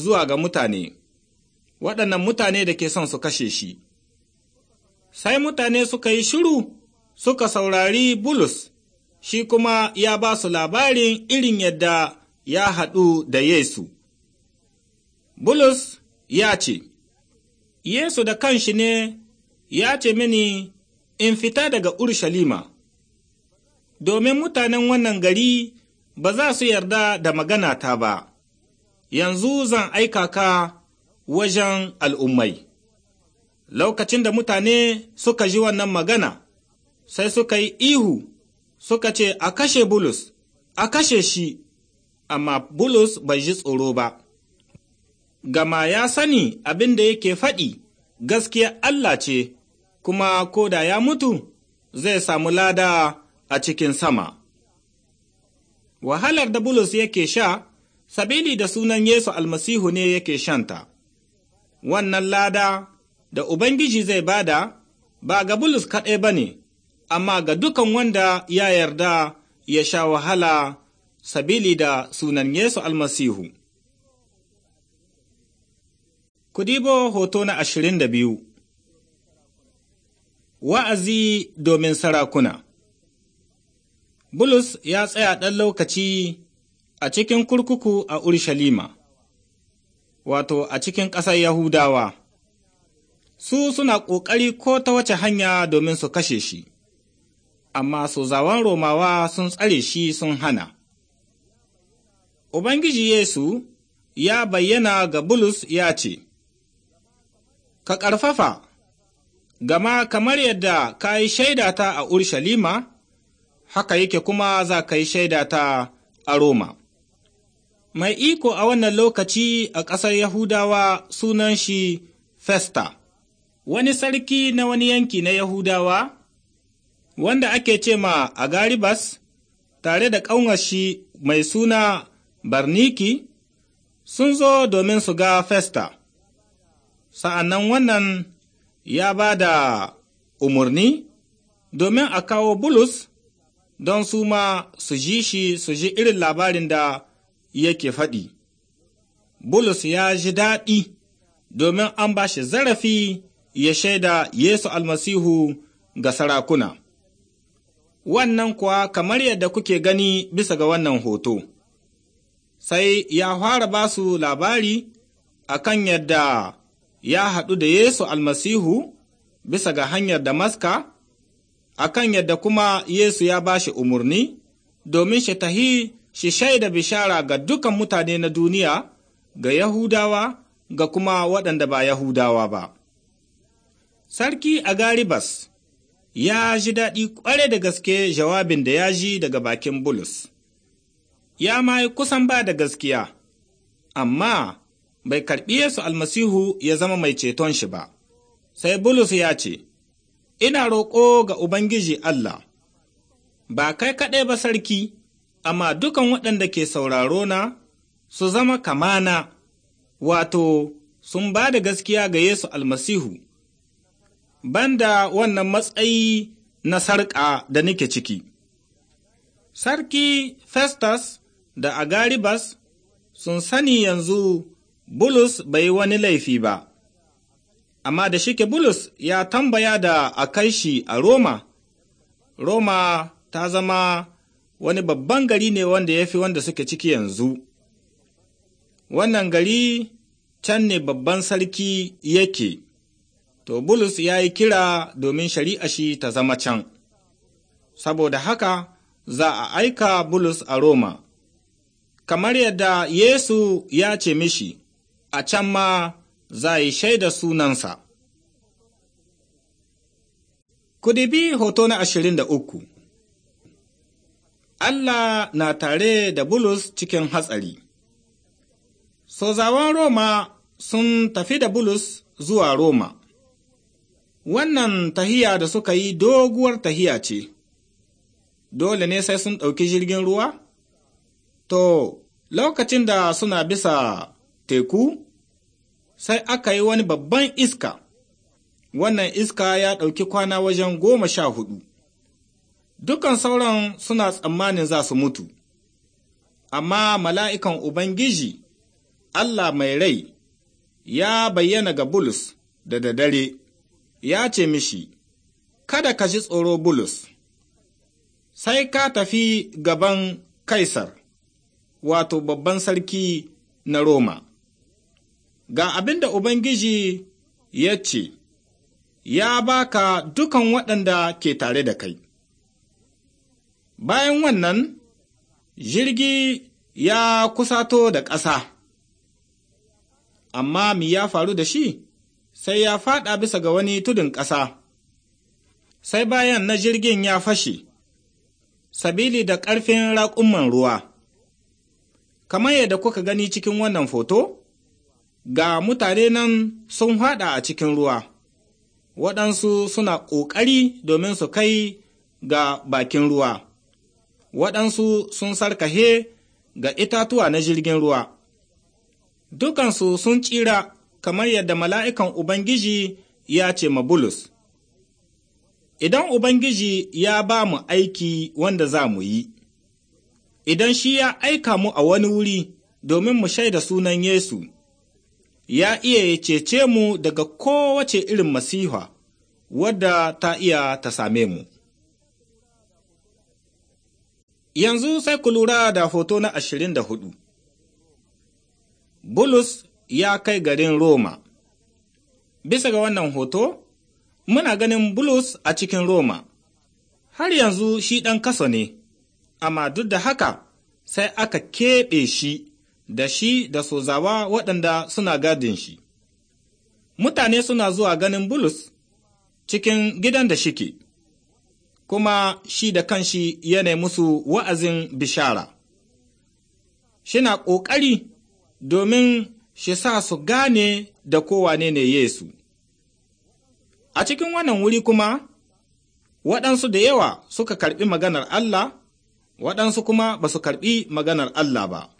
zuwa ga mutane, waɗannan mutane da ke son su kashe shi. Sai mutane suka yi shiru suka saurari Bulus, shi kuma ya ba su labarin irin yadda ya haɗu da Yesu. Bulus ya ce, Yesu da kanshi ne ya ce mini in fita daga Urushalima, domin mutanen wannan gari ba za su yarda da magana ta ba, yanzu zan aika ka wajen al'ummai. Lokacin da mutane suka ji wannan magana, sai suka yi ihu, suka ce a kashe Bulus, a kashe shi, amma Bulus bai ji tsoro ba. gama ya sani abin da yake faɗi gaskiya Allah ce, kuma ko da ya mutu zai samu lada a cikin sama. Wahalar da Bulus yake sha, sabili da sunan Yesu almasihu ne yake shanta, wannan lada da Ubangiji zai bada ba ga Bulus kaɗai ba ne, amma ga dukan wanda ya yarda ya sha wahala sabili da sunan Yesu almasihu. Kudibo hoto na ashirin da biyu Wa'azi domin sarakuna Bulus ya tsaya ɗan lokaci a cikin kurkuku a Urshalima, wato a cikin ƙasar Yahudawa. Su suna ƙoƙari ko ta wace hanya domin su kashe shi, amma su zawan Romawa sun tsare shi sun hana. Ubangiji Yesu ya bayyana ga Bulus ya ce, ka ƙarfafa, gama kamar yadda ka yi shaidata a Urshalima, haka yake kuma za ka yi shaidata a Roma. Mai iko a wannan lokaci a ƙasar Yahudawa sunan shi Festa, wani sarki na wani yanki na Yahudawa, wanda ake ce ma a Garibas, tare da shi mai suna Barniki, sun zo domin su ga Festa. sa'annan wannan ya ba da umarni domin a kawo bulus don su ma su ji shi su ji irin labarin da yake faɗi. Bulus ya ji daɗi domin an ba shi zarafi ya shaida Yesu almasihu ga sarakuna. Wannan kuwa kamar yadda kuke gani bisa ga wannan hoto, sai ya fara ba su labari a kan yadda ya haɗu da Yesu almasihu bisa ga hanyar Damaska, a kan yadda kuma Yesu ya ba shi umarni, domin shi tahi shi shaida bishara ga dukan mutane na duniya, ga Yahudawa, ga kuma waɗanda ba Yahudawa ba. Sarki Agaribas ya ji daɗi ƙware da gaske jawabin da ya ji daga bakin Bulus. Ya ma kusan ba da gaskiya, amma bai karɓi Yesu almasihu ya zama mai ceton shi ba. Sai Bulus ya ce, Ina roƙo ga Ubangiji Allah, ba kai kaɗai ba sarki, amma dukan waɗanda ke sauraro na su zama kamana, wato, sun ba da gaskiya ga Yesu almasihu, banda wannan matsayi na sarƙa da nake ciki. Sarki Festus da Agaribas sun sani yanzu Bulus bai yi wani laifi ba, amma da shike Bulus ya tambaya da a kai shi a Roma, Roma ta zama wani babban gari ne wanda ya fi wanda suke ciki yanzu. Wannan gari can ne babban sarki yake, to Bulus ya yi kira domin shari'a shi ta zama can, saboda haka za a aika Bulus a Roma, kamar yadda Yesu ya ce mishi. a can ma za yi shaida sunansa. Kudibi hoto na ashirin da uku Allah na tare da Bulus cikin hatsari. Sozawan Roma sun tafi da Bulus zuwa Roma. Wannan tahiya da suka yi doguwar tahiya ce, dole ne sai sun ɗauki jirgin ruwa? To, lokacin da suna bisa teku, sai aka yi wani babban iska, wannan iska ya ɗauki kwana wajen goma sha hudu. Dukan sauran suna tsammanin za su mutu, amma mala'ikan Ubangiji, Allah mai rai, ya bayyana ga Bulus da daddare, ya ce mishi, Kada ka ji tsoro Bulus, sai ka tafi gaban Kaisar, wato babban sarki na Roma. Ga abin da Ubangiji ya ce, Ya baka dukan waɗanda ke tare da kai. Bayan wannan, jirgi ya kusato da ƙasa, amma mi ya faru da shi, sai ya faɗa bisa ga wani tudun ƙasa, sai bayan na jirgin ya fashe, sabili da ƙarfin raƙumman ruwa. Kamar yadda kuka gani cikin wannan foto? ga mutane nan sun haɗa a cikin ruwa, waɗansu suna ƙoƙari domin su kai ga bakin ruwa, waɗansu sun sarkahe ga itatuwa na jirgin ruwa. Dukansu sun tsira kamar yadda mala'ikan Ubangiji ya ce ma Bulus, Idan Ubangiji ya ba mu aiki wanda za mu yi, idan shi ya aika mu a wani wuri domin mu shaida sunan Yesu. ya iya ya cece mu daga kowace irin masiha wadda ta iya ta same mu. Yanzu sai ku lura da hoto na ashirin da hudu. Bulus ya kai garin Roma Bisa ga wannan hoto, muna ganin Bulus a cikin Roma, har yanzu shi ɗan kaso ne, amma duk da haka sai aka keɓe shi da shi da sozawa waɗanda suna gadin shi. Mutane suna zuwa ganin Bulus cikin gidan da shike, kuma shi da kanshi yana musu wa'azin bishara. Shina ƙoƙari domin shi sa su gane da kowane ne Yesu. A cikin wannan wuri kuma, waɗansu da yawa suka karɓi maganar Allah, waɗansu kuma ba su karɓi maganar Allah ba.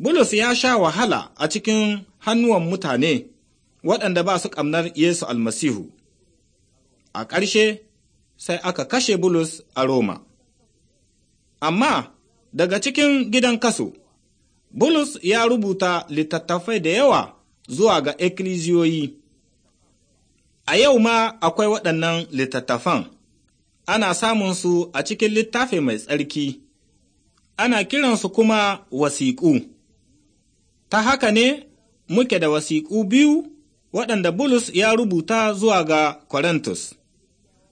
Bulus ya sha wahala a cikin hannuwan mutane waɗanda ba su ƙamnar Yesu almasihu. A ƙarshe sai aka kashe Bulus a Roma. Amma daga cikin gidan kaso, Bulus ya rubuta littattafai da yawa zuwa ga ekkleziyoyi. A yau ma akwai waɗannan littattafan, ana samun su a cikin littafi mai tsarki, ana kiransu kuma wasiƙu. ta haka ne muke da wasiƙu biyu waɗanda Bulus ya rubuta zuwa ga Korintus,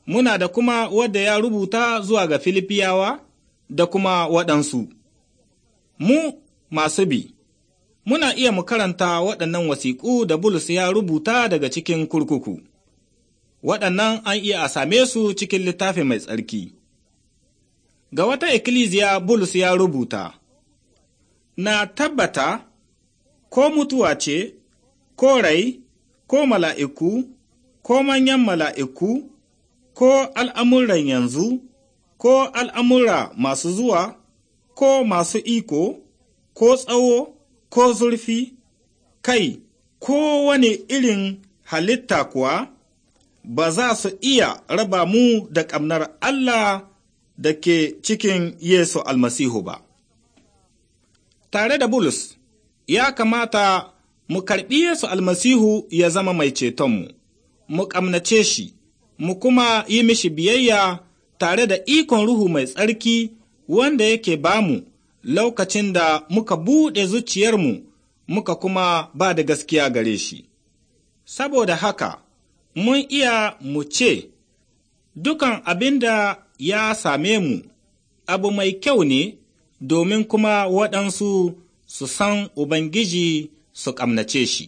muna da kuma wadda ya rubuta zuwa ga Filipiyawa da kuma waɗansu. Mu masu bi, muna iya mu karanta waɗannan wasiƙu da Bulus ya rubuta daga cikin kurkuku. Waɗannan an iya a same su cikin littafi mai tsarki. Ga wata ikkilisiya Bulus ya rubuta, Na tabbata ko mutuwa ce, ko rai, ko mala'iku, ko manyan mala'iku, ko al'amuran yanzu, ko al'amura masu zuwa, ko masu iko, ko tsawo, ko zurfi, kai, ko wani irin halitta kuwa, ba za su iya raba mu da ƙamnar Allah da ke cikin Yesu almasihu ba. Tare da Bulus, ya kamata mu karɓi Yesu almasihu ya zama mai cetonmu, mu ƙamnace shi, mu kuma yi mishi biyayya tare da ikon Ruhu mai tsarki wanda yake bamu lokacin da muka buɗe zuciyarmu muka kuma ba da gaskiya gare shi. Saboda haka, mun iya mu ce, Dukan abin da ya same mu, abu mai kyau ne, domin kuma waɗansu su san Ubangiji su ƙamnace shi.